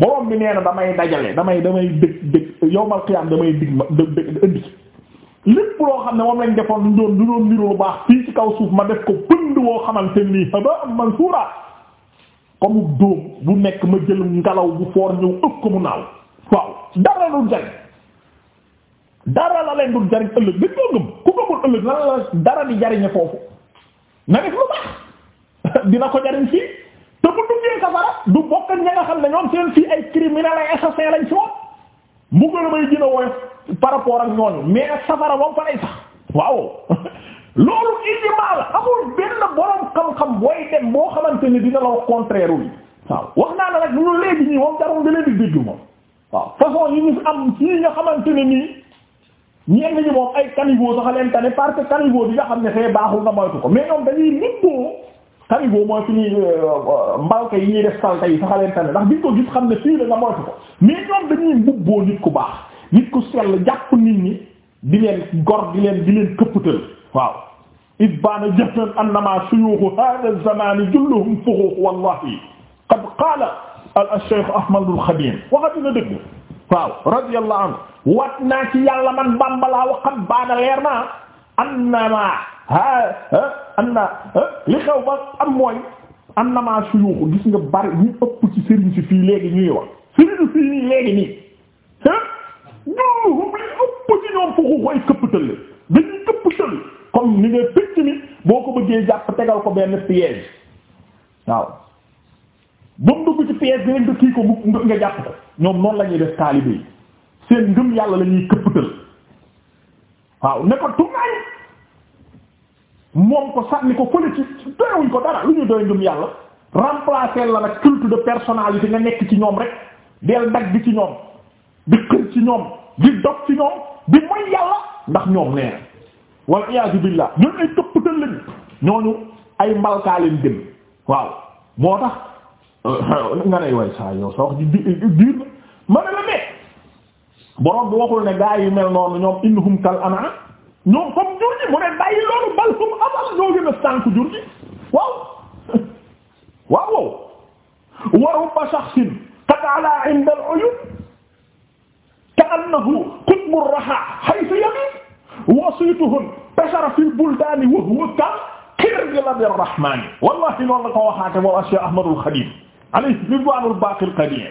borom bi nee na damay dajale damay damay dëg dëg yowmal qiyaam damay dig ma dëg indi lépp loo xam ne moom lañ defoon lu doon lu doon niru lu baax fii ci kaw suuf ma def ko pënd woo xamante nii haba am mansuura comme dóom bu nekk ma jël ngelaw bu foor ñëw ëpp ko mu naaw waaw dara lu jariñ dara la leen dul jariñ ëllëg dañ koo gëm ku gëmul ëllëg lan la dara di jariñe foofu na lu baax dina ko jariñ fii te bu duggee safara du bokk ak xam ne ñoom seen fii ay criminel ay assassin lañ ci woon mbugal may gën a woyof par rapport ak ñooñu mais safara moom fa ay sax waaw loolu ijmaa la amul benn borom xam-xam booy dem boo xamante ni dina la wax contraire wu waaw wax naa la nag ñu léegi ñii moom jarul nga leen di moom waaw façon yi ñu am ci nga xamante ne nii ñenn ñi moom ay caniveau sax leen tane parce que caniveau bi nga xam ne see baaxul nga moytu ko mais ñoom dañuy tarigo mooy fi ñuy euh, euh, mbalka yi ñuy def salta yi saxaleen tane ndax biñ ko gis xam ne fii la nga moytu ko mais ñoom dañuy mbubboo nit ku baax nit ku sell jàpp nit ñi di leen gor di leen di leen këppatal waaw isbaana jënan hada zamani julluhum fuxuux wallahi qad qaala al cheikh ahmadul xadim waxati na dëgg waaw radiyallahu wat naa ci yàlla man bàmbalaa waxat baana leer naa annama ha am na ah, li xew ba am mooy am na maa suyuuxu gis nga bari ñu ëpp ci sëriñ fii léegi ñuy wax sëriñ fii léegi nii ah, ñoo hum li ëpp ci ñoom foofu koy këpp tëll dañuy këpp tëll comme ni nga picc mi boo ko bëggee jàpp tegal ko benn piège waaw ba mu ci piège bi nga jàpp ko ñoom noonu la ñuy def taalibe yi seen ngëm yàlla la këpp tëll waaw ne ko moom ko sànni ko fële ci doyawuñ ko dara lu ñu doy ngëm yàlla remplacer la nag culte de personnalité nga nekk ci ñoom rek del dag bi ci ñoom di xër ci ñoom di dog ci ñoom di moy yàlla ndax ñoom nee na wal iyaazu billah ay tëpptal lañu ñooñu ay mbalkaa leen waaw moo tax nga ne way saa yow sa wax ji diir na ma ne la mais borom bi waxul ne gaa yi mel noonu ñoom innahum kal an'am ñoom comme jur gi mu ne bàyyi loolu bal hum abal ñoo gën a sànk jur gi waaw waaw wow wa rubba shakhsin qad ala 'inda al-'uyub ka'annahu qutbu ar-raha haythu yabit wasituhun tashara fi al-buldani wa huwa ka'qirlab ar-rahman wallahi loolu la ko waxaate moom Cheikh Ahmad al-Khadim alayhi ridwan al-baqi al-qadim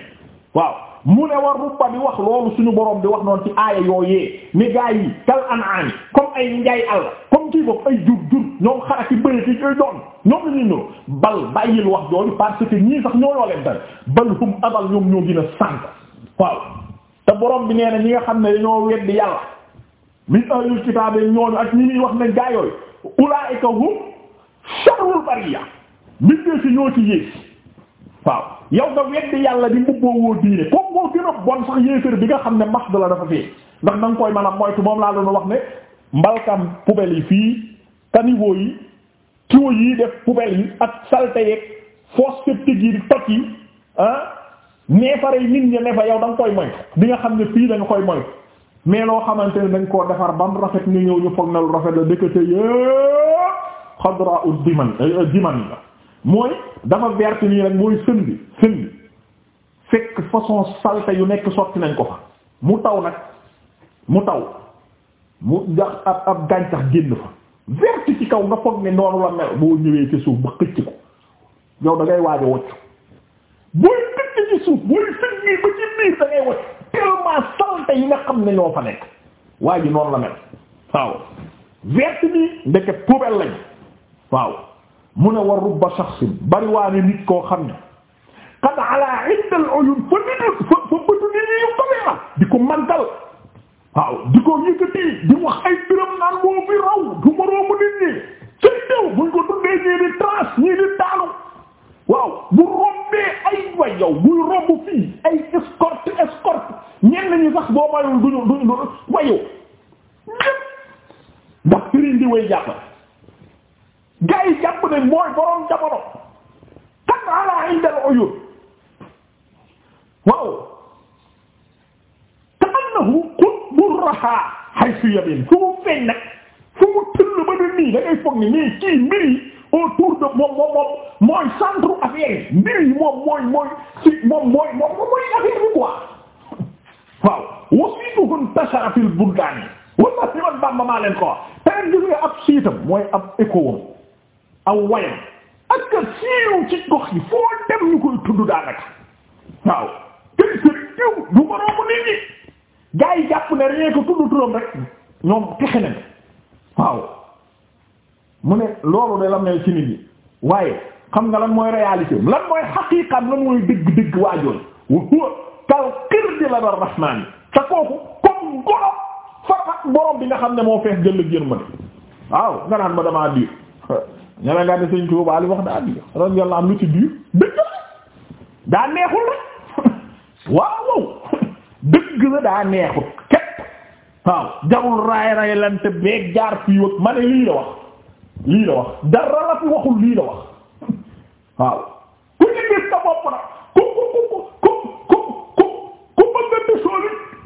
waaw mu ne war rubba bi wax loolu suñu borom di wax noonu ci aaya yooyee ni gaa yi kal an'am comme ay njaay àll comme kii boobu ay jur jur ñoom xaraki bëri ci ñooy doon ñoom la ñuy ñëw bal bàyyil wax jooju parce que ñii sax ñoo yoo leen dara bal hum abal ñoom ñoo gën a sànk waaw te borom bi nee na ñi nga xam ne dañoo weddi yàlla min ahlul kitaab ñooñu ak ñi ñuy wax ne gaa yooyu ulaa'ika hum sharrul bariyya mbir ñoo ci yées. waaw yow nga weddi yàlla di mbubboo woo diine kooku moo gën a bon sax yéeféer bi nga xam ne max da la dafa fee ndax na nga koy mën a moytu moom laa doon wax ne mbalkam poubelle yi fii caniveau yi tuyaux yi def poubelle yi ak saleté yeeg fosse septique yi di toj yi ah neefare yi nit koy moytu bi nga xam ne fii da nga koy moytu mais loo xamante ne dañ koo defar ba rafet ni ñëw ñu foog na lu rafet la dëkkate yëpp xadra ud diman diman la mooy dafa wert nii rek mooy sën bi sën bi fekk façon salte yu nekk sotti nañ ko fa mu taw nag mu taw mu jax ab ab gàncax génn fa verte ci kaw nga foog ne noonu la mel boo ñëwee ci suuf ba xëcc ko yow da ngay waaj a wocc booy xëcc ci suuf booy sën nii ba ci biir da ngay wocc salte yi nga xam ne ñoo fa nekk waa ji noonu la mel waaw verte nii ndeke poubelle lañ waaw mu ne war rubba shaxsin bariwaane nit koo xam ne qad ala indal uyun fa nit fa fa bëtu nit ñi yu kawee la di ko màggal waaw di ko yëkkati di wax ay biram naan moo fi raw du moroomu nit ñi sëy dew buñ ko dundee ñii di trans ñii di daalu waaw bu rombee ay way yow buy romb ay escorte escorte ñenn ñi sax boo mayul duñu duñu wayu ñépp ndax sëriñ di way jàppal gaa yi jàpp ne mooy borom jamono kan ala inda al-uyun waaw te annahu qutbu raha haythu yabin fu mu feeñ nag fu mu tëll ba ne nii da ngay foog ni nii kii mbir yi autour mooy centre affaire mbir mooy mooy mooy mooy affaire bi quoi waaw wasiituhu intashara fil buldaani wala si man bàmba maa leen ko te ab siitam mooy ab écho aw wayam ak a siiw ci gox yi foo dem ñu koy tudd daanaka waaw tey seen diw du moroomu gaa yi jàpp ne rien que tudd turam rek ñoom texe nañ waaw mu ne loolu de la mel ci nit ñi waaye xam nga lan mooy réalité lan mooy xaqiiqam lan mooy dëgg-dëgg waajoon wa huwa kal qirdi la rahmaan te kooku comme golo fa borom bi nga xam ne moo fees jël ak yërmande waaw nga naan ma damaa diir ñeme nga ne Sëriñ Tuubaa li wax daa biir radiyallahu anhu lu ci biir dëgg la neexul rek waaw dëgg la neexul képp waaw jarul raay raay lante beeg jaar fii wëg ma lii la wax lii la wax dara la waxul lii la wax waaw ku ci gis bopp na ku ku ku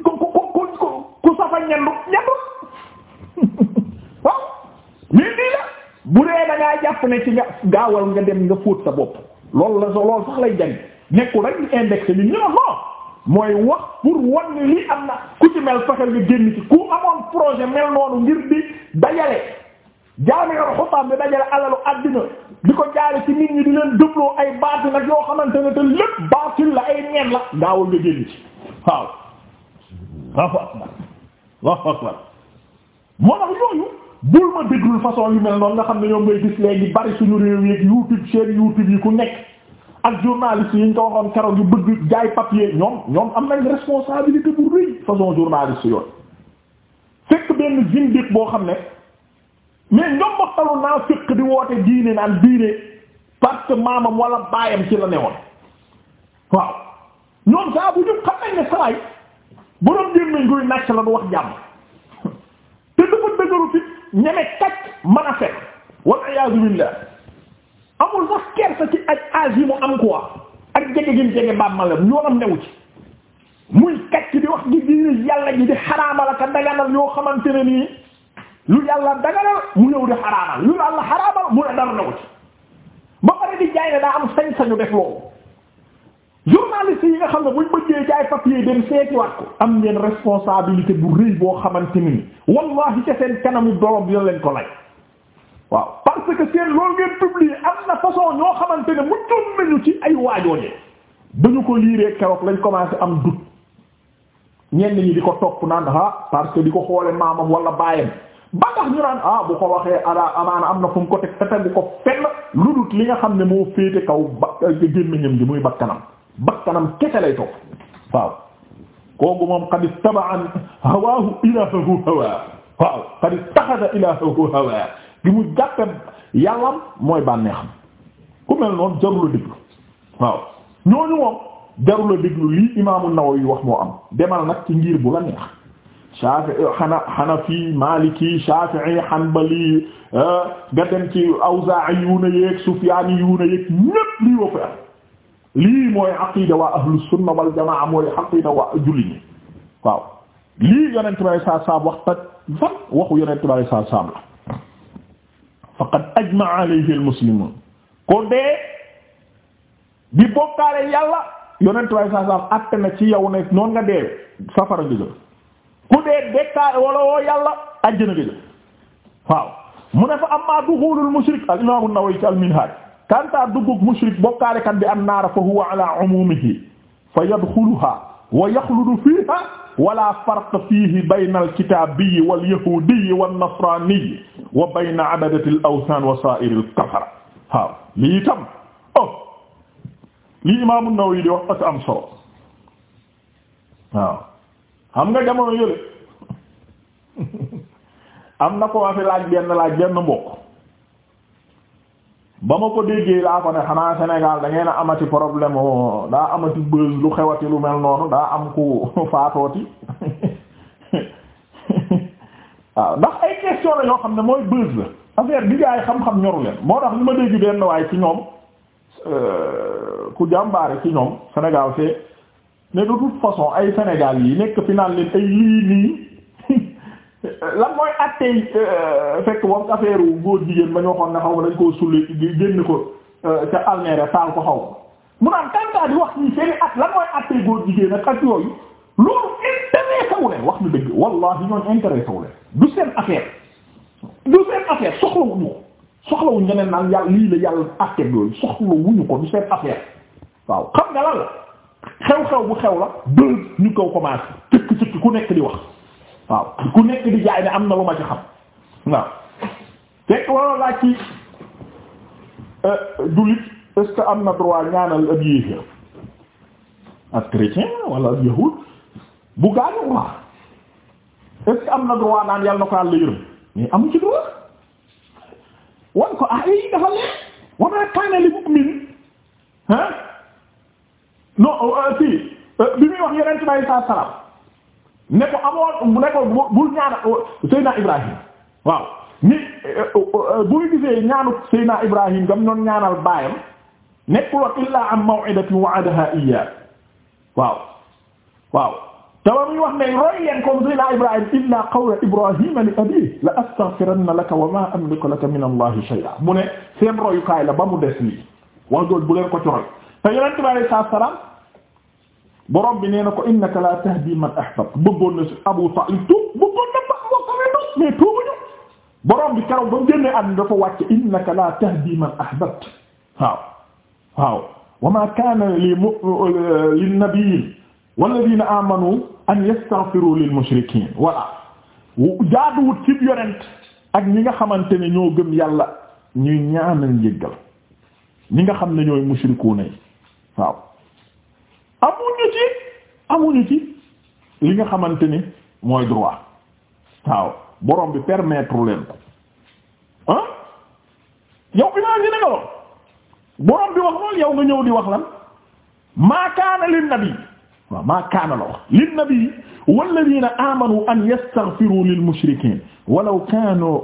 ku ku ku ku safa ñendu ñendu waaw lii lii la bu dee da ngaa jàpp ne ci nga gaawal nga dem nga fóot sa bopp loolu la loolu sax lay jàng nekkul rek ñu indexé bi non non mooy wax pour wan ni lii am na ku ci mel fexeel nga génn ci ku amoon projet mel noonu ngir di dajale jaami yor xutaam bi dajale alalu àddina di ko jaare ci nit ñi di leen dëbloo ay baati nag yoo xamante ne te lépp baatil la ay neen la gaawal nga génn ci waaw moo tax yooyu bul ma déglul façon yu mel noonu nga xam ne ñoom ngay gis léegi bari suñu réew yeeg YouTube yi ku nekk ak journaliste yi ñu waxoon keroog yu bëgg jaay papier ñoom ñoom am nañ responsabilité bu rëy façon journaliste yoon fekk benn zindiq boo xam ne mais ñoom ma xalu naa fekk di woote diine naan diine parce maamam wala baayam ci la newoon waaw ñoom saa bu xam nañ ne sawaay borom jémmiñ guy nàcc la du wax jàmm te dafa dëgëru fit ñeme tàcc mën a fekk wal iyaazu billah amul sax kersa ci ak âge yi mu am quoi ak jege gi mu jege baab ma la yoonam newu ci muy kàcc di wax gi diine yàlla ji di xaraamal ak daganal yoo xamante ne nii lu yàlla daganal mu ñëw di xaraamal lu yàlla xaraamal mu ne dara newu ci ba pare di jaay ne daa am sañ-sañu def loolu. journaliste yi nga xam ne buñ bëggee jaay papier dem wax ko am ngeen responsabilité bu rëy boo xamante ni wallahi ca seen kanamu doom dina leen ko lay waaw parce que seen loolu ngeen publier am na façon ñoo xamante ne muccoon nañu ci ay waajoojee ba ñu ko liiree keroog lañ commencé am doute ñenn ñi di ko topp naan ah parce que di ko xoole maamam wala baayam ba tax ñu naan ah bu ko waxee ala amaana am na fu mu ko teg te tegu ko fenn lu dut xam ne moo féete kaw ba gémmiñam ji muy bakkanam bakkanam kese lay topp waaw kooku moom qad ittaba'a hawaahu ilaahahu hawaa waaw mooy bànneexam ku mel noonu jarula déglu waaw lii imaamu Nawawi wax moo am demal nag ci ngir bu Maliki Shafi'i Hanbali ah, nga dem ci Awzaa'i na yeeg Sufyaani yu na yeeg ñépp lii wa fi lii mooy aqida waa ahlu sunna wal jamaa mooy aqida waa julli ñi waaw lii yonent bi sallallahu alayhi waxu yonent bi sallallahu alayhi wasallam la faqad ajma'a almuslimun ko dee di bokkaale yàlla yonent bi sallallahu alayhi na ci yow ne noon nga dee safara nga jëm ku dee dekkaale wala woo yàlla àjjana nga jëm waaw mu ne fa amma dukhulul mushrik al imam an-Nawawi al minhaj kanta duggug mushrik bokkaalekat bi an naara fa huwa ala umumihi fa yadxuluha wa yaxludu fiiha wala farq fiihi bayna alkitaabiyi walyahudiyi wannasraniyi wa bayna abadati al awsaan wa saa'iri al kafara waaw lii itam oh lii imaamu Nawawi di wax ak am solo waaw xam nga jamono yële am na ko waa fi laaj benn laaj benn mbokk ba ma ko déggee laa ko ne xanaa Sénégal da ngeen amati problème o daa amati buzz lu xewati lu mel noonu daa am ku faatooti waaw ndax ay question la yoo xam ne mooy buzz la affaire bi gaay xam-xam ñoru leen moo tax lu ma dégg benn waaye ci ñoom euh, ku jàmbaare ci ñoom Sénégal c'est mais de toute façon ay Sénégal yi nekk fi naan ay lii nii lan mooy attey euh, fekk wam affaire wu góor jigéen ba ñu waxoon ne xaw dañ koo sulli génn ko euh, ca almere taal ko xaw mu naan tàntaa di wax ñi seeni at lan mooy attey góor jigéen ak ak yooyu loolu intéressé wu leen wax na dëgg wallahi ñoon intéressé wu leen du seen affaire du seen affaire soxlawuñu ko soxlawuñu ñeneen naan yàlla lii yàlla atte yooyu soxlawuñu ko du seen affaire waaw xam nga lan xew-xew bu xew la deux ñu kaw commencé cëkk cëkk ku nekk di wax waaw ku nekk di jaay am na lu ma ci xam waaw fekk wala laaj ci euh, jullit est-ce que am na droit ñaanal ab yéeféer ak chrétien wala ab yahud bu gaañu quoi est-ce que am na droit naan yàlla na ko àll yërëm mais amu ci droit wan ko ah yi eh, dafa leer wa ma mu'min ah non euh, si euh, bi muy wax yeneen ci bàyyi saa salaam ne ko amoon ne ko bul ñaana oh, Seydina Ibrahim waaw ni eh, eh, oh, eh, buy gisee ñaanu Seydina Ibrahim gam noon ñaanal baayam nekkuloon illaa am maw'idatin wa'adaha iyyaa waaw waaw tawa muy wax ne roy leen comme Seydina Ibrahim illaa qawla Ibrahima li abiihi la astaghfiranna laka wa maa amliku laka min Allahi shay'an mu ne seen royukaay la ba mu des lii wax jool bu leen ko ci roy te yonent bi alayhi salaam borom bi nee na ko innaka la tahdi man ahbabta bëggoon na si Abu Talib tuub bëggoon na baax boo ko may doon mais tuubuñu borom bi keroog ba mu génnee àdduna dafa wàcc innaka la tahdi man ahbabta waaw waaw wa ma kana li lin nabiyyin walladhina amanu an yastaghfiru lil mushrikin voilà jaaduwut ci yonent ak ñi nga xamante ne ñoo gëm yàlla ñuy ñaanal njéggal ñi nga xam ne ñooy mushrikuuna yi waaw amuñu ci amuñu ci li nga xamante ni mooy droit waaw borom bi permettre leen ko ah yow imagine nga lool borom bi wax lool yow nga ñëw di wax lan maa kaana lin nabi waaw maa kaana la wax lin nabi walladina amanu an yastaghfiru lil mushrikin walaw kanu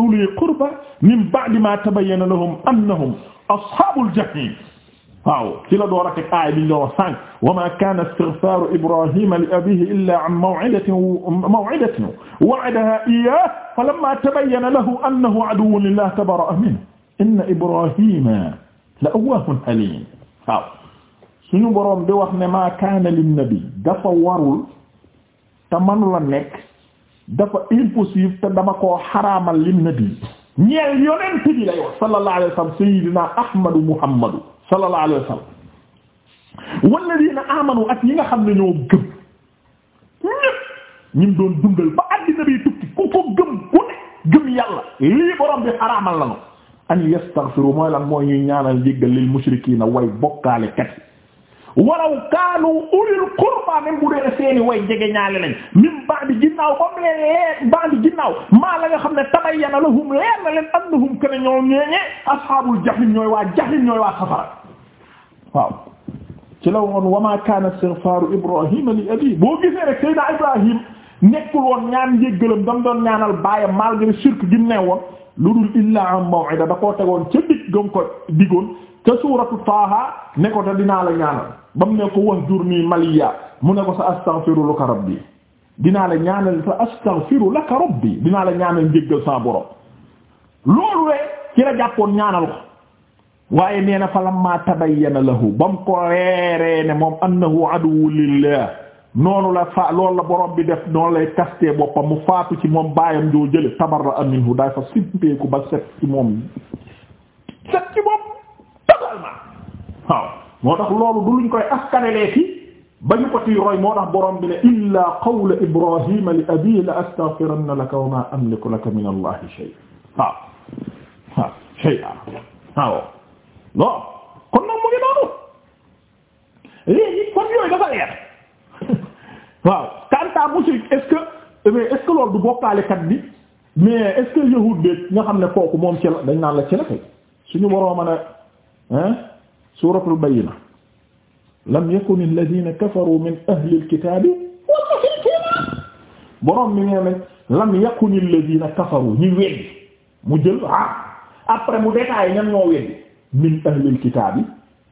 uli qurba min ba'di ma tabayyana lahum annahum ashabul jahim waaw ci la door a teg aay bi ñu doon sànq wa maa kaana istighfaaru Ibraahiima li abiihi illaa an maw'idatin maw'idatin wa'adahaa iyyaahu falammaa tabayyana lahu annahu aduwwun lillaahi tabarra'a minhu inna Ibraahiima la'awwaahun haliim waaw suñu boroom di wax ne maa kaana linnabi dafa warul te mënu la nekk dafa impossible te dama koo xaraamal linnabi ñeel yonent bi lay wax sallallaahu alayhi wa sallam sayyidinaa Ahmadu Muhammadu sallallahu alayhi wa sallam walladina amanu ak ñi nga xam ne ñoo gëm ñépp doon dundal ba àddina bi tukki ku ko gëm ku ne gëm yàlla lii borom bi xaraamal lañu an yastaghfiru mooy lan mooy ñuy ñaanal jéggal lil mushrikiina way bokkaale kat walaw kaanu ulil qurba même bu dee seeni way jege ñaale lañ min ba'di ginnaaw ginnaaw maa la nga xam ne tabayyana lahum leer na leen annahum kana ñoom ñeeñee ashaabul jahim ñooy waa jahim ñooy waa safara waaw ci la woon wa ma kaana istighfaaru Ibrahima li abiihi boo gisee rek Seydina Ibrahim nekkul woon ñaan njéggalam dam doon ñaanal baayam malgré gi mu ne woon lu dul illaa an maw'ida da koo tegoon ca dig gam ko digoon ca suuratu Taaha ne ko dinaa la ñaanal ba mu ne ko wahjurni maliya mu ne ko sa astaghfiru laka rabbi dinaa la ñaanal sa astaghfiru rabbi dinaa la ñaanal njéggal sa borom loolu rek ci la jàppoon ñaanal ko. waaye nee na falamma tabayyana lahu ba ko reeree ne moom annahu aduwwu lillah noonu la fa loolu la borom bi def noonu lay kastee boppam mu faatu ci moom baayam joo jële tabarra'a minhu daay fa simpeeku ba set ci moom set ci moom totalement waaw moo ko ci roy moo borom bi ne illaa qawla ibrahima li abihi la astaghfiranna laka wa ma amliku laka min allahi shay'a waaw waaw shay'a waaw non kon nag mu ngi noonu kon yooyu dafa leer waaw kanta mushrik est-ce que loolu du bokkaalekat bi mais est-ce que yahud xam ne kooku moom ci la dañ naan la ci la kay suñu waroo mën a suuratul bayyina lam yakun alladhina kafaru min ahli alkitabi mu jël ah après mu détaillé ñan ñoo weddi min ahlil kitaab yi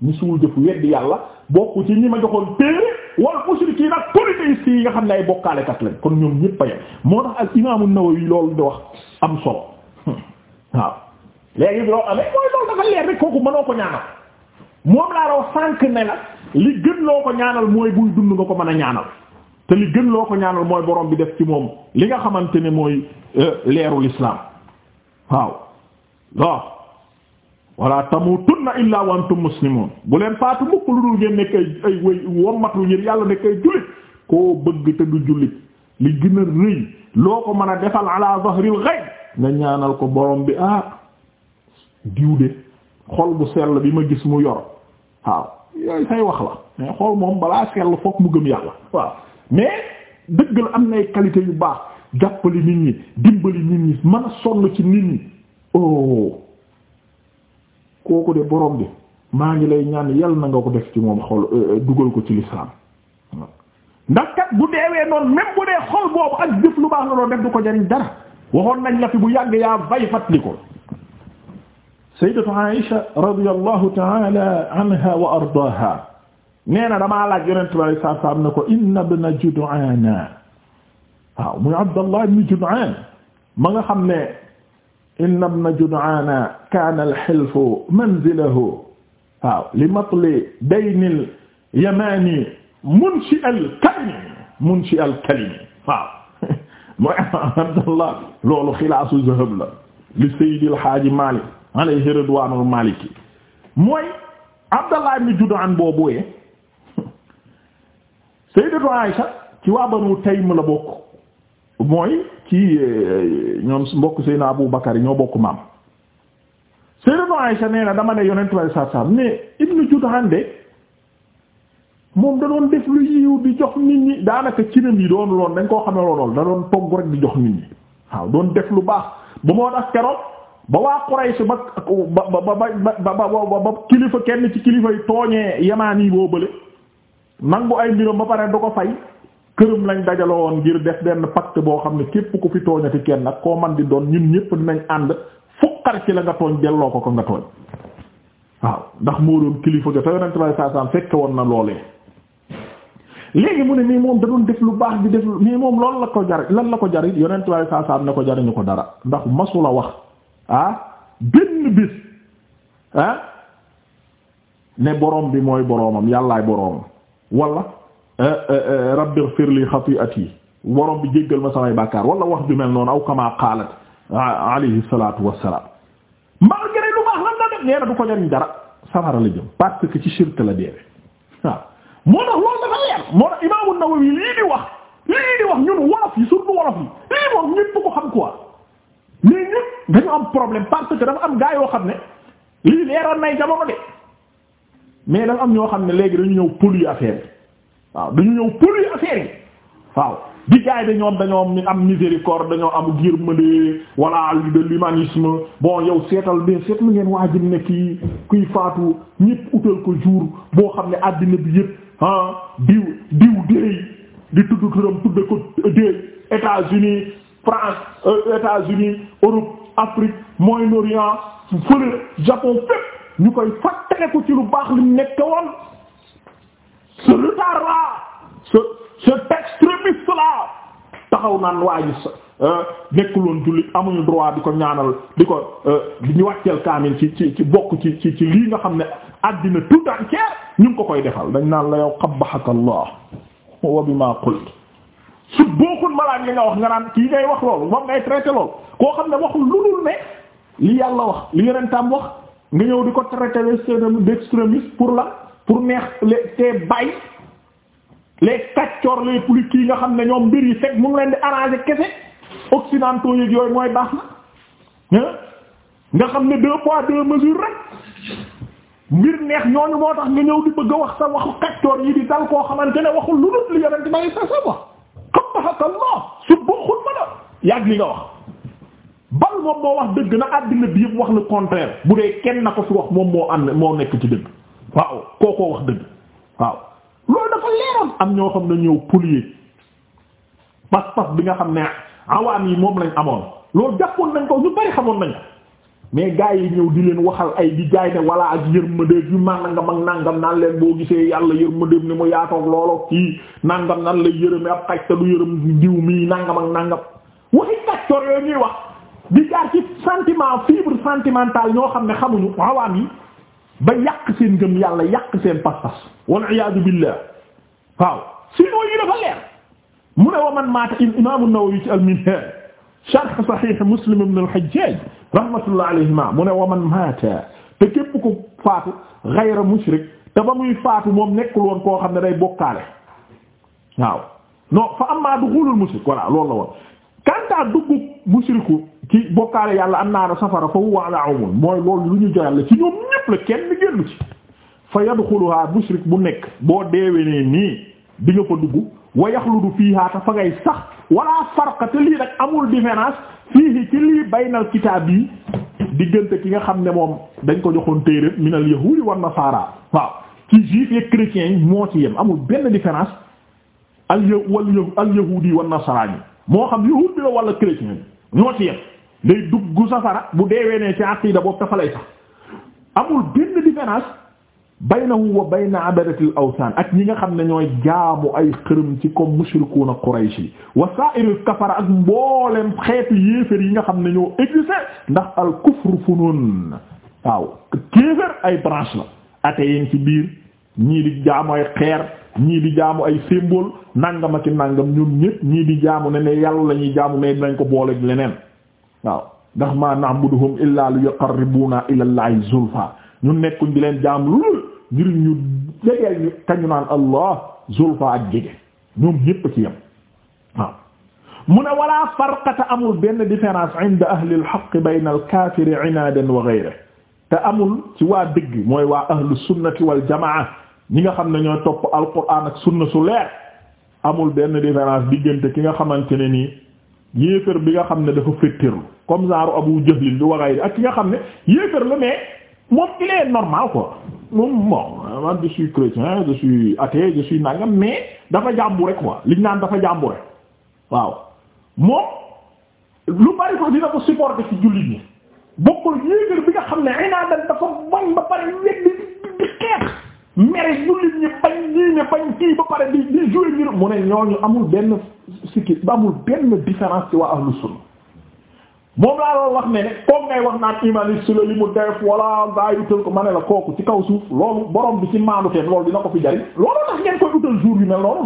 ñu suul jëfu weddi yàlla bokk ci ñi ma joxoon téere wal mushrikiin ak yi nga xam ne ay bokkaalekat lañ kon ñoom ñëpp a yem moo tax ak imaamu Nawawi loolu di wax am solo waaw léegi bi loo amee mooy loolu dafa leer rek kooku mënoo ko ñaanal moom laa raw sànq ne la li gën loo ko ñaanal mooy buy nga ko mën a ñaanal te li gën loo ko ñaanal mooy borom bi def ci moom li nga xamante ne mooy euh, leerul islam waaw wala tamutunna illaa wa antum muslimun bu leen faatu mukk lu dul ngeen nekk ay ay way wommatlu ngir yàlla nekk ay jullit koo bëgg te du jullit li gën a rëy loo ko mën a defal ala zahril ghaib nga ñaanal ko borom bi ah diw de xol bu sell bi ma gis mu yor waaw yooyu say wax la mais xol moom balaa sell fokk mu gëm yàlla waaw mais dëgg la am nay qualité yu baax jàppali nit ñi dimbali nit ñi mën a sonn ci nit ñi oh. woo de borom bi maa ngi lay ñaan yal na ko def ci moom xol euh, euh, dugal ko ci lislaam ndax kat bu deewee noonu bu dee xol boobu ak lu baax la doon def ko jariñ dara waxoon nañ fi bu yàgg yaa vay fàttali ko sayyidatu Aisha radiyallahu ta'ala anha wa ardaaha nee na damaa laaj yonent bi alayhi salaatu salaam ne ko inna ibna Jud'aan waaw muy Abdallah ibn Jud'aan ma nga xam ne inna ibna jud'ana kaana al-hilfu manzilahu waaw li matli daynil yamani munshi al-kalimi munshi al-kalimi waaw mooy Abdallah loolu xilaasu zahab la li Seydi El Hadji Malick alayhi ridwaanul Maliki mooy Abdallah ibn Jud'aan boobu Sayyidatu Aïsha ci waa Banu Taym la bokk mooy ci euh, ñoom mbokk Seydina Abu Bakar yi ñoo bokk maam Sayyidatu Aisha nee na dama ne yonent way saa saa mais Ibnu Jud'aan de moom da doon def lu yiw di jox nit ñi daanaka cinam yi doon loon dañ koo xamee lool da doon togg rek di jox nit ñi waaw doon def lu baax ba moo tax keroog ba waa Quraysh ba ba ba ba ba ba kilifa kenn ci kilifa yi tooñee yamaan boo bële nangu ay mbiram ba pare du ko fay këram lañ dajaloo woon ngir def benn pacte boo xam ne képp ku fi tooñati kenn nag koo man di doon ñun ñëpp dinañ ànd fukkar ci la nga tooñ delloo ko ko nga tooñ waaw ndax moo doon kilifa ga te yonent bay saasaam woon na loolee léegi ne moom da doon lu baax di def nii moom loolu la ko jar lan la ko jar yonent bay saasaam ne ko jariñu ko dara ndax masula wax ah benn ah, ne borom bi mooy boromam yàllaay boromam wala Eh, eh, eh, rabbi ighfir li xati'ati borom bi jéggal ma samay bàkkaar wala wax ju mel noonu aw kama qaalat alayhi salatu wassalam malgré lu baax lan la def nee na du ko jariñ dara safara la jëm parce que ci shirk la deewee moo tax loolu dafa leer moo tax lii di wax ñun wolof yi surtout wolof yi lii moom ñun bu ko xam quoi mais ñun dañu am problème parce que dafa am gaa yoo xam ne lii leeroon nay jamono de mais dafa am ñoo xam ne léegi dañu ñëw poli affaire waaw dañu ñëw poli affaire yi waaw di jaay de ñoom dañoo am miséricorde dañoo am yërmande walla li de l'humanisme bon yow seetal mais seetlu ngeen waa jëm ne kii kuy faatu ñépp utal ko jour boo xam ne àddina bi yépp ah diw diw déey di tudd turam ko déey États-Unis France euh, États-Unis Europe Afrique Moyen-Orient fële Japon fépp ñu koy fàttaliku ci lu baax li mu woon cet extrémiste là taxaw naan waa ji euh, nekkuloon jullit amuñu droit di ko ñaanal di ko euh, di ñu wàcceel kaamil ci ci ci bokk ci ci ci lii nga xam ne àddina tout ñu ngi ko koy defal dañ naan la yow qabbahaka Allah wa ma qult su bokkul malaan li nga wax nga naan kii ngay wax loolu moom ngay traité loolu koo xam ne waxul lu dul ne li yàlla wax li yonentam wax nga ñëw di ko traité le d'extrémiste pour la pour neex te bàyyi les kaccoor les plus kii nga xam ne ñoom mbir yi fekk mu ngi leen di arrangé kese occidentaux yëg yooyu mooy baax na nga xam ne deux poids deux mesures rek mbir neex ñooñu moo tax nga ñëw di bëgg a wax sa waxu kaccoor yi di dal koo xamante ne waxul lu dul li yonent may sa sa wax qabbahaka Allah su bokkul ma la yàgg li nga wax bal moom moo wax dëgg na àddina bi yëpp wax le contraire bu dee kenn na ko fi wax moom moo ànd moo nekk ci dëgg waaw koo wax dëgg loolu dafa leeral am ñoo xam ne ñëw polier pas-pas bi nga xam ne awaam yi moom lañ amoon loolu jàppoon nañ ko ñu bari xamoon nañ mais gars yi ñëw di leen waxal ay di jaay ne walla ak yërmandeeg yu ma nangam ak nangam naan leen boo gisee yàlla yërmandeeg ni mu yaatoog looloo kii nangam nan lay yërëme ab xaj te du yërëm diw mii nangam ak nangam waxi kàccoor yooyu ñuy wax di jaar ci sentiment fibre sentimentale ñoo xam ne xamuñu awaam yi ba yàq seen ngëm yàlla yàq seen pas-pas wal iyaadu billah waaw sinon yi dafa leer mu ne wa man maata imaamu Nawawi ci al-Minhaj sharh Sahih Muslim ibn al-Hajjaj rahmatullah alayhima mu ne wa man maata te képp ku faatu ghayra mushrik te ba muy faatu moom nekkul woon koo xam ne day bokkaale waaw non fa amma dukhulul mushrik voilà loolu la woon quant à duggu mushriku ci bokkaale yàlla am naara safara fa huwa ala mooy loolu lu ñu joyal la ci ñoom ñépp la kenn génn ci fa yadxuluha mushrik bu nekk boo deewee ne nii di nga fa dugg wa yaxludu fiiha ta fa ngay sax wala farqa te lii nag amul différence fii ci lii baynal kitaab yi diggante ki nga xam ne moom dañ ko joxoon téere minal yahuudi wan nasaara waaw ci juif et chrétiens yi moo ci yem amul benn différence al yahuudi war nasaara yi moo xam yahuud bi la day dugg safara bu deewee ne ci aqida boobu dafa lay sax amul benn différence baynahu wa bayna abadatil awsaan ak ñi nga xam ne ñooy jaamu ay xërëm ci comme mushrikuuna Quraysh yi wa sa'iril kafara ak mboolem xeetu yéefér yi nga xam ne ñoo existe ndax al kufru funun waaw kéefér ay branche la ate ci biir ñii di jaamu ay xeer ñii di jaamu ay symbole nangam ak nangam ñoom ñépp ñii di jaamu ne ne yàlla la ñuy jaamu mais nañ ko booleg leneen waaw ndax ma na'buduhum illaa li yuqarribuna ila llahi zulfa ñun nekkuñ di leen jaam lool ngir ñu jegeel ñu kañu naan allah zulfa ak jege ñoom ñépp ci yam waaw mu ne wala farqata amul benn différence inda ahli al-haqq bayna al-kaafiri inaadan wa ghayrihi te amul ci waa dëgg mooy waa ahlu sunnati wal jamaa ñi nga xam ne ñooy topp alquran ak sunna su leer amul benn différence diggante ki nga xamante ne nii yéefar bi nga xam ne dafa féttéerlu comme zaaru Abu Jahlin bi waxay di ak ki nga xam ne yéefar la mais moom il est normal quoi moom bon man je chrétien je suis athée je mais dafa jàmbu rek quoi liñ naan dafa jàmbu rek waaw moom lu bari ko dina ko supporter ci jullit ñi bokkul yéefar bi nga xam ne ay naa dafa bañ ba pare wet di di xeex mere jullit ñi bañ ñii ne bañ kii ba pare mu ne ñooñu amul benn sikki ba amul benn différence ci waa ahlu sunna moom laa loolu wax ne ne ngay wax naan humaniste la li mu def wala gaa yi ko ma ne la kooku ci kaw suuf loolu borom bi ci maandu teen loolu dina ko fi jariñ loolu tax ngeen koy utal jour yu mel noonu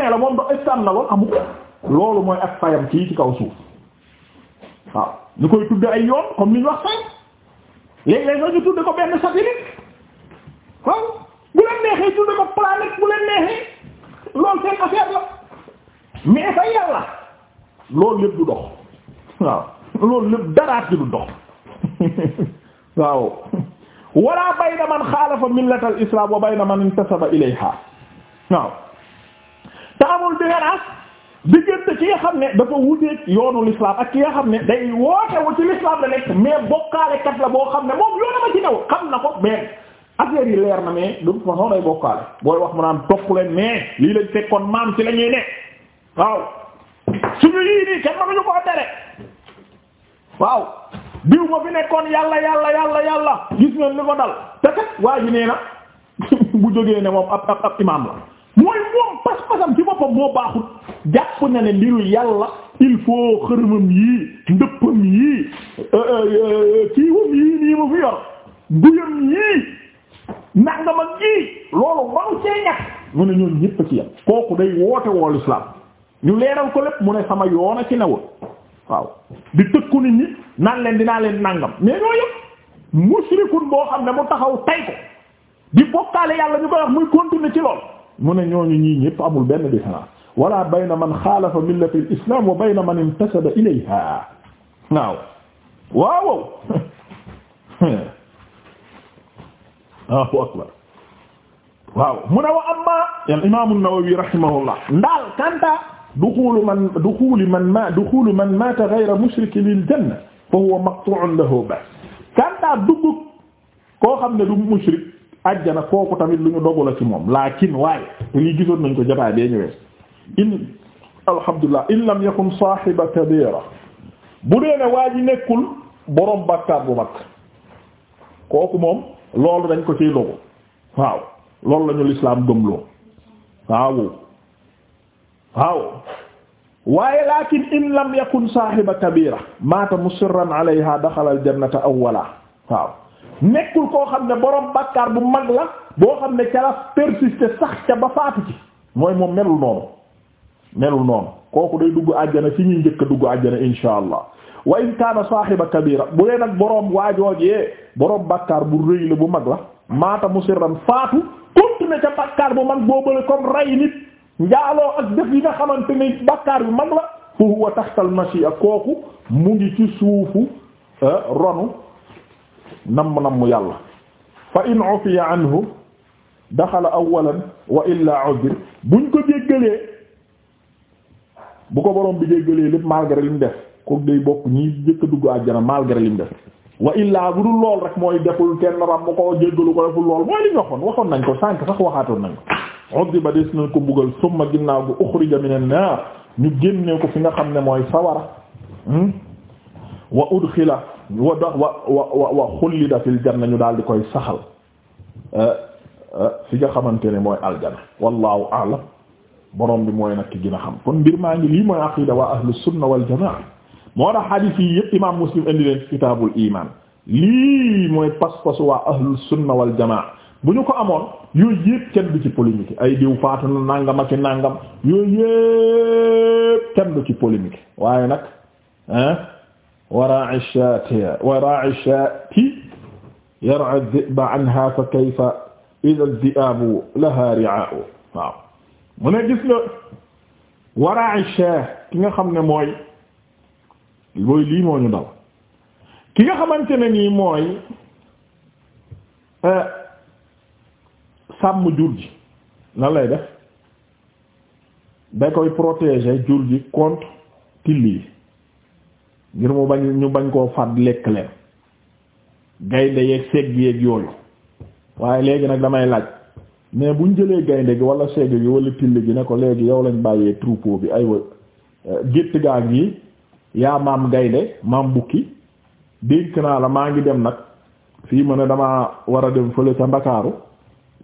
la moom do islam loolu mooy ak fayam ci ci kaw suuf waaw ñu koy tudd ay yoon comme li ñu wax sax léeg-léeg sax ñu ko benn satellite waaw bu leen neexee tudd ko planète bu leen neexee loolu seen affaire la mais fa yàlla loolu lépp du dox waaw loolu lépp daraat gi du dox waaw wala bayna man xaalafa millata al islam wa bayna man intasaba ilayha waaw te amul différence diggante ki nga xam ne dafa wuteek yoonu l'islam ak ki nga xam ne day woote wu ci l'islam la nekk mais bokkaale kat la boo xam ne moom yoonu ma ci new xam na ko mais affaire yi leer na mais de toute façon day bokkaale booy wax mu naan topp leen mais lii lañ fekkoon maam ci la ñuy ne waaw suñu yii nii kenn mënuñu ko tere waaw diw ma fi nekkoon yàlla yàlla yàlla yàlla gis ngeen li ko dal te waa ji nee na bu jógee ne moom ab ab ab imaam la mooy moom pas-pasam ci jàpp na ne mbiru yàlla il faut xërëmam yii ndëppam yii euh, euh, euh, kiiwam yii nii mu fi yor guyam yii nangam ak yii loolu waru cee ñàkk mu ne ñoom ñépp ci yam kooku day woote wool islam ñu leeral ko lépp mu ne sama yoon a ci newul waaw di tëkku nit ñi naan leen dinaa leen nangam mais ñoo yëpp mushrikun boo xam ne mu taxaw tay ko di bokkaale yàlla ñu koy wax muy continuer ci lool mu ne ñooñu ñii ñépp amul benn différence wala bayna man xaalafa millata al islam wa bayna man intasaba ilayha waaw waaw waaw akbar waaw mu ne wa amma al imam an-Nawawi rahimahullah ndaal kanta duxulu man duxuli man ma duxulu man mata ghayra mushrikin lil janna fa huwa maqtu'un lahu bas kanta dugg koo xam ne du mushrik ajjana kooku tamit lu ñu dogu la ci moom lakin waaye te lii gisoon nañ ko jotaay bee ñëwee in alhamdulilah in lam yakun saahiba nekkul borom bàkkaar bu mag kooku moom loolu dañ ko ciy dogu waaw loolu la ñu lislaam gëmloo waaw waaw waaye lakin in lam yakun saahiba kabira maata musirran alayha daxala aljannata awwala waaw nekkul koo xam ne borom bàkkaar bu mag la boo xam ne ca la sax ca ba ci mooy moom melul noonu melul noonu kooku day dugg àjjana fi ñuy njëkk dugg àjjana insha allah wa in kaana saahiba kabira bu dee nag boroom waajoojee boroom bàkkaar bu rëy la bu mag la maata musirran faatu continuer ca bàkkaar bu mag boobale comme ray nit njaaloo ak def yi nga xamante ni bàkkaar bu mag la fa huwa tahta al mashia kooku mu ngi ci suufu eh, ronu namm namm yàlla fa in ufiya anhu daxala awalan wa illaa udir buñ ko jéggalee bu ko borom bi jéggalee lépp malgré li mu def kooku day bokk ñi jëkk a dugg àjjana malgré li mu def wa illaa bu dul lool rek mooy deful kenn ram mu ko jéggalu ko deful lool mooy li waxoon waxoon nañ ko sànk sax waxaatoon nañ ko uddi ba des nañ ko buggal summa ginnaaw gu uxrija minan naar ñu génnee ko fi nga xam ne mooy sawara hmm? wa udxila wa wa wa wa xullida fil ñu daal di koy saxal eh, eh, fi nga xamante ne mooy aljana wallahu a'lam borom bi mooy nag ki gën kon mbir maa ngi lii mooy aqida wa ahlu sunna wal jamaa moo tax hadith yi yëpp imaam muslim indi leen kitaabul iman lii mooy pas-pasu waa ahlu sunna wal jamaa bu ñu ko amoon yooyu yëpp kenn du ci polémique ay di faatu na nangam ak nangam yooyu yëpp kenn du ci polémique waaye nag ah warai shati warai shati yar'a dhi'ba anha fa kayfa idha dhi'abu laha ri'a'u mu ne gis nga waraay cheikh ki nga xam ne mooy mooy lii moo ñu dal ki nga xamante ne nii mooy euh, sàmm jur ji lan lay def da koy protéger jur ji contre till yi ngir mu bañ ñu bañ koo fàdd lekk leen gaynde yeeg segg yeeg yooyu waaye léegi nag damay laaj mais buñ jëlee gaynde gi wala segg gi wala till gi ne ko léegi yow lañ bàyyee troupeau bi aywa euh, gétt gaa ngi yaa maam gaynde maam bukki dénk naa la maa ngi dem nag fii ma ne dama war a dem fële ca ndakaaru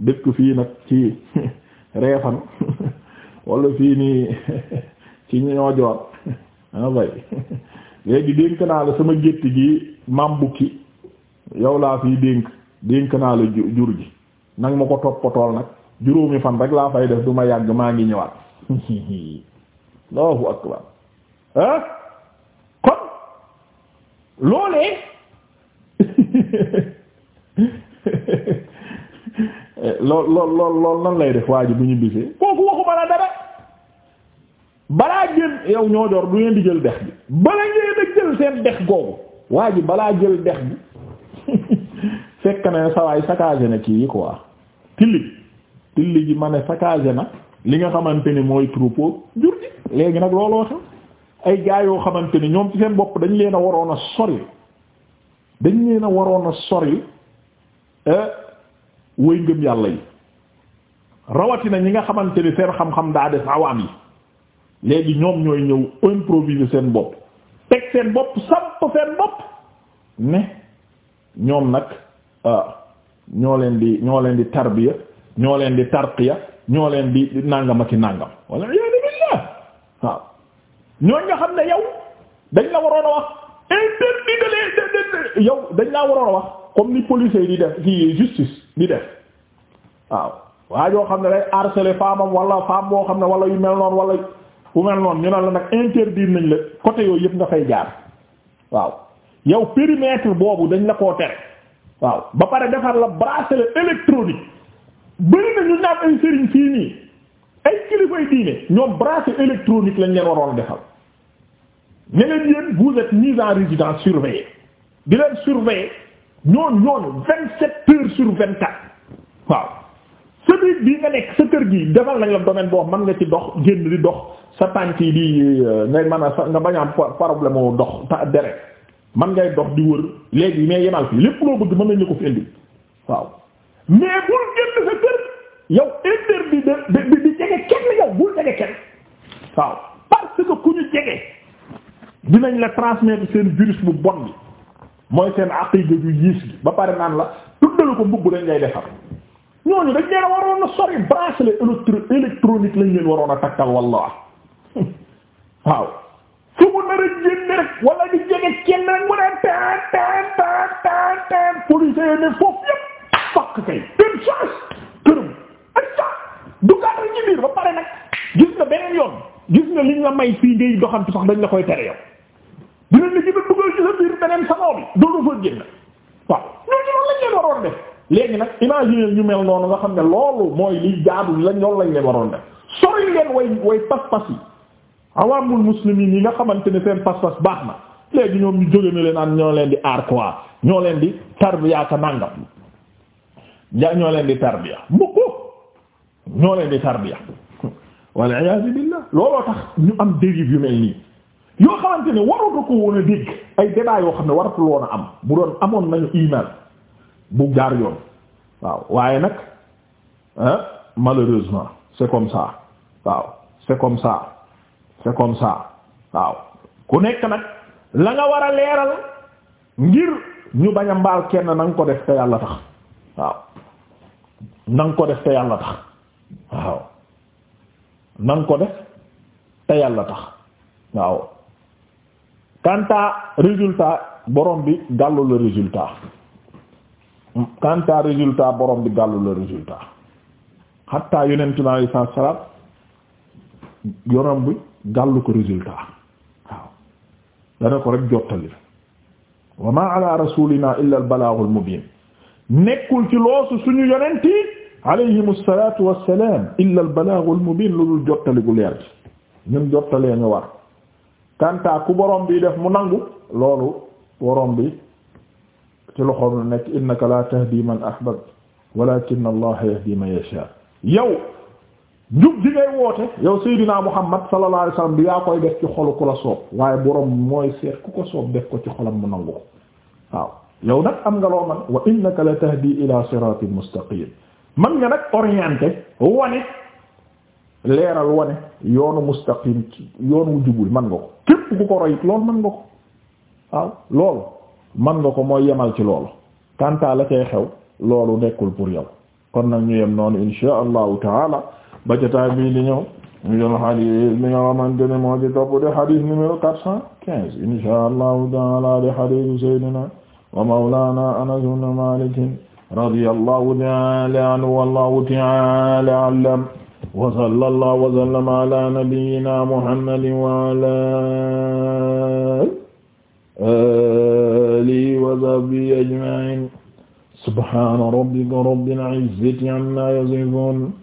dëkk fii nag ci reefan walla fii nii ci ñoo joor ah bay léegi dénk naa la sama gétt gi maam bukki yow laa fii dénk dénk naa la jur gi nag ma ko toppatool nag juróomi fan rek laa fay def du ma yàgg maa ngi ñëwaat Allahu lool lool lool lool nan lay def waa ji bu ñu bisee kooku waxuma la dara balaa génn yow ñoo door du ngeen di jël dex bi bala ngeen a jël seen dex googu waa ji balaa jël dex bi fekk na sawaay saccagé na kii yi quoi tilli gi tilli gi ma ne saccagé na li nga xamante ni mooy troupeau jur gi léegi nag looloo xam ay gaa yoo xamante ni ñoom ci seen bopp dañ leen a waroon a sori dañ leen a waroon a sori eh, way ngëm yàlla yi rawatina ñi nga xamante ni seen xam-xam daa def awaam yi léegi ñoom ñooy ñëw improviser seen bopp teg seen bopp samp seen bopp ne ñoom nag ah, ñoo leen di ñoo leen di tarbiya ñoo leen di tarqiya ñoo leen di nàngam ak i nàngam walla iyaadu yow dañ la waroon a wax interdit de les yow dañ laa waroon a wax comme ni policier di def ci justice di def waaw waa yoo xam ne day harceler femme am wala boo xam ne wala yu mel noonu wala yu mel noonu ñu ne la nag interdire nañ la côté yooyu yëpp nga fay jaar waaw yow périmètre boobu dañ la koo tere waaw ba pare defar la bracelet électronique bëri na ñu naan ay sëriñ fii nii ay kilifay diine ñoom bracelet électronique lañ leen waroon defal ne leen yéen vous en résidence surveillée di leen surveiller ñoon ñoon vingt-sept heures sur vingt-quatre waaw sa biir bii nga nekk sa kër gi defal nañ la domaine boo man nga ci dox génn di dox sa tànk yi di euh, ngay mën a sa nga bañ a am problème dox ta deret man ngay dox di wër léegi mais yemal fii lépp loo bëgg mën nañ la ko fi indi waaw mais bul génn sa kër yow interdit de di jege kenn yow bul jege kenn waaw parce que ku ñu jege dinañ la transmettre seen virus bu bon bi mooy seen aqiida yu yiis gi ba pare naan la tuddalu ko mbubb dañ ngay defar ñooñu dañ leen waroon a sori bracelet électro électronique lañ leen waroon a takkal wallah waaw war a génn rek wala di jege kenn rek mu ne taan taan taan taan taan police yi ne foofu yëpp fakk kay benn chance këram ay sa rek ci biir ba pare nag gis nga beneen yoon gis nga liñ la dañ la koy tere yow dinañ la jëme dugal ci sa biir beneen salon nag imagine ñu mel noonu nga xam ne loolu mooy li jaadu lañ loolu lañ leen waroon def sori leen way way pas pas awaamul muslimin yi nga xamante ne seen pas-pas baax na léegi ñoom ñu jóge na leen am ñoo leen di aar quoi ñoo leen di tarbiya ka nàngam ja ñoo leen di tarbiya mbokk ñoo leen di tarbiya walla iyaazu billaah looloo tax ñu am dérive yu mel nii yoo xamante ne waratu ko woon a dégg ay débat yoo xam ne waratu woon a am bu doon amoon nañu iman bu jaar yoon waaw waaye nag malheureusement c'est comme ça waaw c'est comme ça c'est comme ça waaw ku nekk nag la nga war a leeral ngir ñu bañ a mbaal kenn nang nga ko def te yàlla tax waaw na ko def te yàlla tax waaw na te yàlla tax waaw quant à résultat borom bi gàllu le résultat quant à résultat borom bi gàllu le résultat xatta yonentu mi alei salaam yoram bi gàllu ko résultat waaw dana ko rek jottali wa ma ala rasulina illa al balaghul mubin nekkul ci loosu suñu yonenti alayhim alsalatu wassalam illa al balaghul mubin lu dul jottali gu leer gi ñun jottalee ñu war kanta ku borom bi def mu nangu loolu borom bi ci loxoom la nekk innaka la tahdi man ahbab walakin allah yahdi man yasha yow njub di ngay woote yow Seydina Muhammad sallallahu alayhi wasallam bi yaa koy def ci xolu ku la soob waaye borom mooy seet ku ko soob def ko ci xolam mu nangu ko waaw yow nag am nga loo man wa innaka la tahdi ila siratin mustaqim man nga nag orienté wone leeral wane yoonu mustaqim yoon wu jubul man nga ko képp ku ko roy loolu man nga ko waaw loolu man nga ko mooy yemal ci loolu kanta la cay xew loolu nekkul pour yow kon nag ñu yem noonu insha allahu taala ba jotaay bii di ñëw ñu jël hadis bi nga xamante ne moo ci topp de hadis numéro quatre cent quinze insha allahu taala de hadisu sayyidina wa mawlana anas ibn malik radiyallahu taala anhu wallahu taala a'lam wa sallallahu wa sallama ala nabiyyina muhammadin wa ala alihi wa sahbihi ajma'in subhana rabbika rabbil izzati amma yasifun